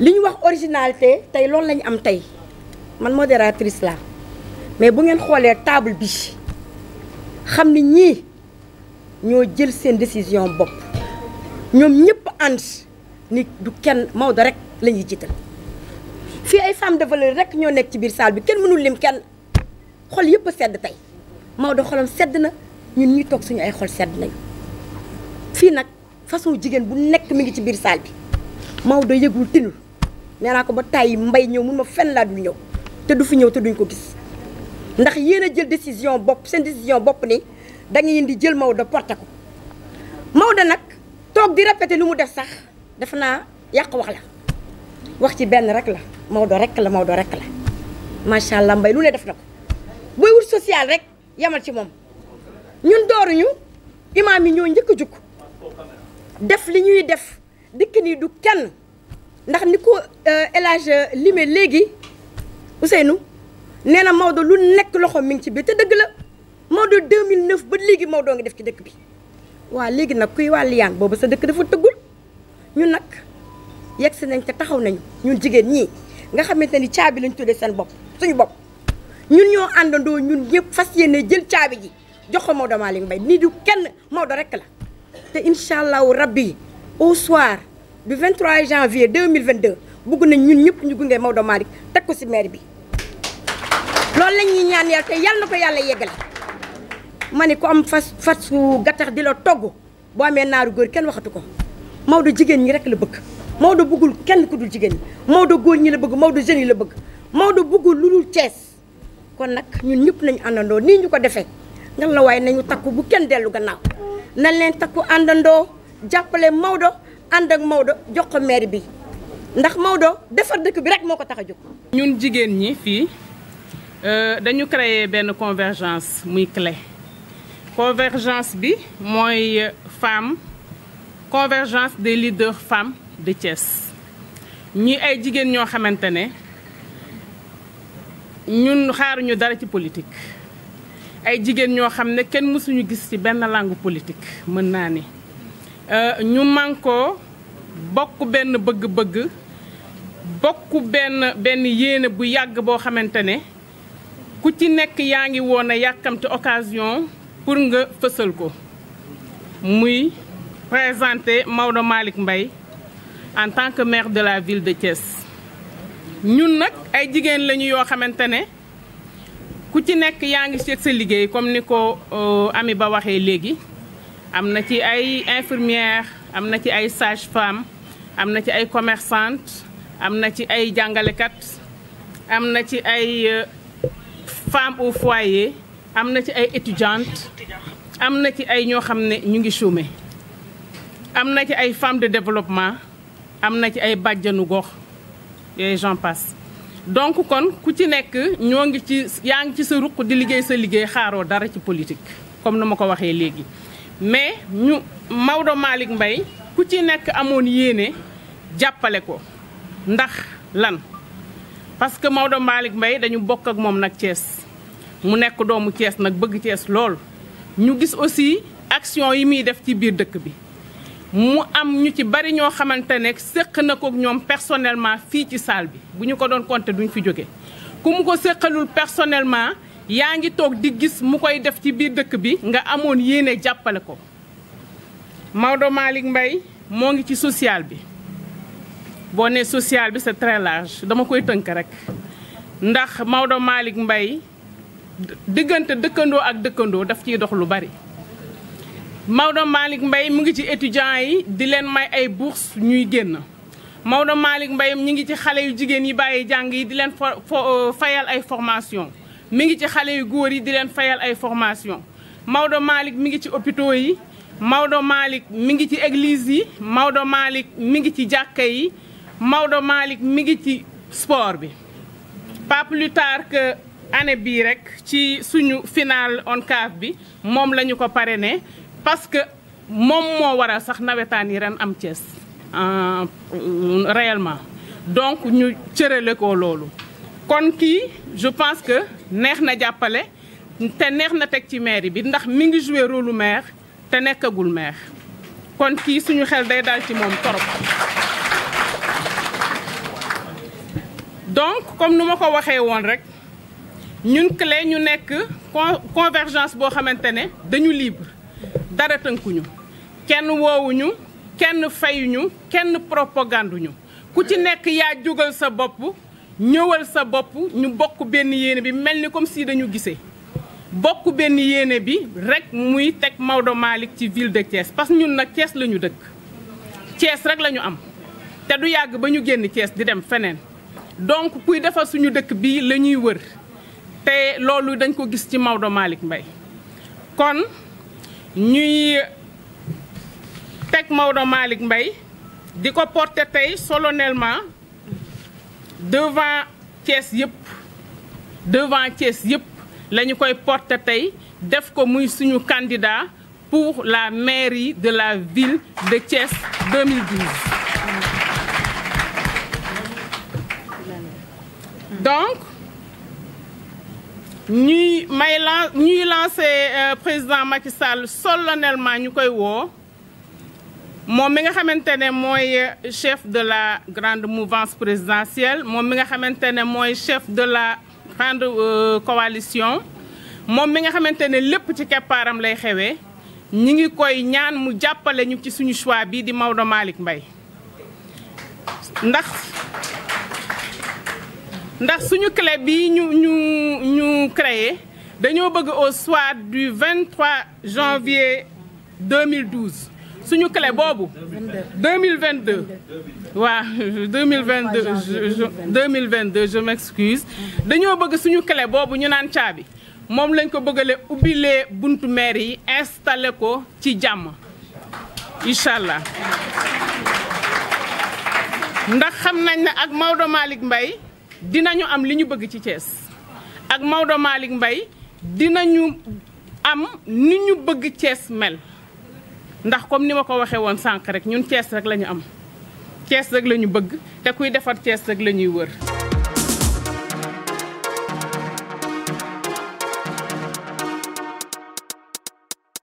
li ñu wax originalité tey loolu lañu am tey man modératrice la mais bu ngeen xoolee table bi xam ni ñii ñoo jël seen décision bopp ñoom ñëpp ànd ni du kenn Maodo rek la ñuy jiital fii ay femme de valeur rek ñoo nekk ci biir saal bi kenn mënul lim kenn xol yëpp a sedd tey Maodo xolam sedd na ñun ñuy toog suñu ay xol sedd nañu fii nag façon jigéen bu nekk mi ngi ci biir saal bi Maodo yëgul tinul nee naa ko ba tàyyi mbay ñëw mun ma fenn laa dul ñëw te du fi ñëw te duñ ko gis ndax yéen jël décision bopp seen décision bopp ni da ngeen di jël Maodo porté ko Maodo nag toog di répété lu mu def sax def naa yàq wax la wax ci benn rek la Maodo rek la Maodo rek la macha allah mbay lu ne def na ko booy wut social rek yamal ci moom ñun dooruñu imaam yi ñoo njëkk a jukk def li ñuy def dikk nii du kenn. ndax ni ko euh, El Hadj lime léegi Ousseynou nee na Maodo lu nekk loxo mi ngi ci biir te dëgg la Maodo 2009 ba léegi Maodo ngi def ci dëkk bi waa léegi nag kuy waa Liyaan boobu sa dëkk dafa tëggul ñun nag yegg si nañ te taxaw nañu ñun jigéen ñi nga xamante ni caabi lañ tuddee seen bopp suñu bopp ñun ñoo àndandoo ñun ñëpp fas yéene jël caabi ji jox ko Maodo Malick Mbaye nii du kenn Maodo rekk la te incha allahu rabbi au soir. bi 23 janvier 2022 bugg nañ ñun ñëpp ñu gunge Maodo Malick teg ko si maire bi lool la ñuy ñaan yàlla te yàlla na ko yàlla yeggale ma ni ku am fas fas su gattax di la togg boo amee naaru góor kenn waxatu ko Maodo jigéen ñi rek la bëgg Maodo bëggul kenn ku dul jigéen ñi Maodo góor ñi la bëgg Maodo jeunes la bëgg Maodo bëggul lu dul Cees kon nag ñun ñëpp nañu àndandoo nii ñu ko defee ngan la waaye nañu takku bu kenn dellu gannaaw nañ leen takku àndandoo jàppale Maodo ànd ak Maodo jox ko maire bi ndax Maodo defar deuk bi rek moko ko tax ñun jigen ñi fi euh dañu créer ben convergence muy clé convergence bi moy femme convergence des leaders femmes de Thiès ñi ay jigen ño xamantene ne ñun xaaruñu dara ci politique. ay jigen ño xamne ken kenn mësuñu gis ci ben langue politique mën naa ne euh, ñu manko de ben bëgg-bëgg bokku ben ben yéene bu yàgg boo xamantene ku ci nekk yaa occasion pour nga ko présenter Maodo Malick Mbaye en tant que maire de la ville de Thiès ñun nag ay jigéen lañu yoo xamante ne ku ci nekk yaa ngi seet comme ni euh, Ami Ba ci ay infirmière amna ci ay sage femme amna ci ay commerçante amna ci ay jàngalekat am ci ay euh, femme au foyer amna ci ay étudiante amna ci ay ño xamné ñu ngi chômé amna ci ay femmes de développement amna ci ay badjanu gox yooyu j'en passe donc kon ku ci nekk ñoo ngi ci yaa ngi ci sa ruq di liggéey sa liggéey xaaroo dara ci politique comme ni ma ko waxee léegi mais ñu Maodo Malick mbay ku ci nekk amoon yéene jàppale ko ndax lan parce que Maodo Malick Mbaye dañu bokk ak moom nag cees mu nekk doomu Thiès nag bëgg Thiès lool ñu gis aussi action yi muy def ci biir dëkk bi mu am ñu ci bari ñoo xamante ne séq na ko ñoom personnellement fii ci salle bi bu ñu ko doon compter duñ fi jóge ku mu ko séqalul personnellement yaa ngi toog di gis mu koy def ci biir dëkk bi nga amoon yéene jàppale ko Maodo Malick mbay moo ngi ci social bi boo nee social bi sa très dama koy tënk rek ndax Maodo Malick mbay diggante dëkkandoo ak dëkkandoo daf ciy dox lu bari Maodo Malick mbay mu ngi ci étudiants yi di leen may ay bourse ñuy génn Maodo maalik Mbaye ñu ngi ci xale yu jigéen yi bàyyi jàng yi di leen fayal ay formation mi ngi ci xale yu góor yi di leen fayal ay formation Maodo Malick mi ngi ci hôpitaux yi Maodo maalik mi ngi ci église yi Maodo Malick mi ngi ci jàkka yi Maodo Malick mi ngi ci sport bi pas plus tard que année bii rek ci suñu final ONCAV bi moom la ñu ko parrainé parce que moom moo waral sax nawetaan yi ren am Thiès euh, réellement donc ñu cërale ko loolu je pense que nous avons jàppale nous nous maire bi ndax mi rôle maire maire kon suñu xel day dal ci donc comme nous ma ko nous clé ñu convergence nous xamante nous dañu libre nous kenn woowuñu kenn fayuñu kenn propaganduñu ku ñëwal sa bopp ñu bokk benn yéene bi mel ni comme sii dañu gisee bokk benn yéene bi rek muy teg Maodo Malick ci ville de Thiès parce que ñun nag Thiès la ñu dëkk Thiès rek la ñu am te du yàgg ba ñu génn Thiès di dem feneen donc kuy defar suñu dëkk bi la ñuy wër te loolu dañ ko gis ci Maodo Malick Mbaye kon ñuy teg Maodo Malick Mbaye di ko porte tey solennellement devant Thiès Yip, devant Thiès yep la avons koy porter tay def candidat pour la mairie de la ville de Thiès 2012 donc nous may lan euh, président Macky Sall solennellement ñukoy je suis nga chef de la grande mouvance présidentielle je suis nga chef de la grande euh, coalition Je suis le le petit ci je lay mu ñu ci suñu choix bi di Mbaye ndax ndax suñu ñu ñu ñu au soir du 23 janvier 2012 suñu clé 2022 ouais 2022 2022 je m'excuse Nous bëgg suñu clé boobu ñu naan caabi moom lañ ko bëggale que buntu yi installé ko ci jamm inshallah ndax xam nañ ne ak mawdo malik mbay dinañu am nous bëgg ci Thiès ak dinañu am niñu bëgg ndax comme ni ma ko waxee woon sànq rek ñun cees rek la ñu am cees rek la ñu bëgg te kuy defar cees rek la ñuy wër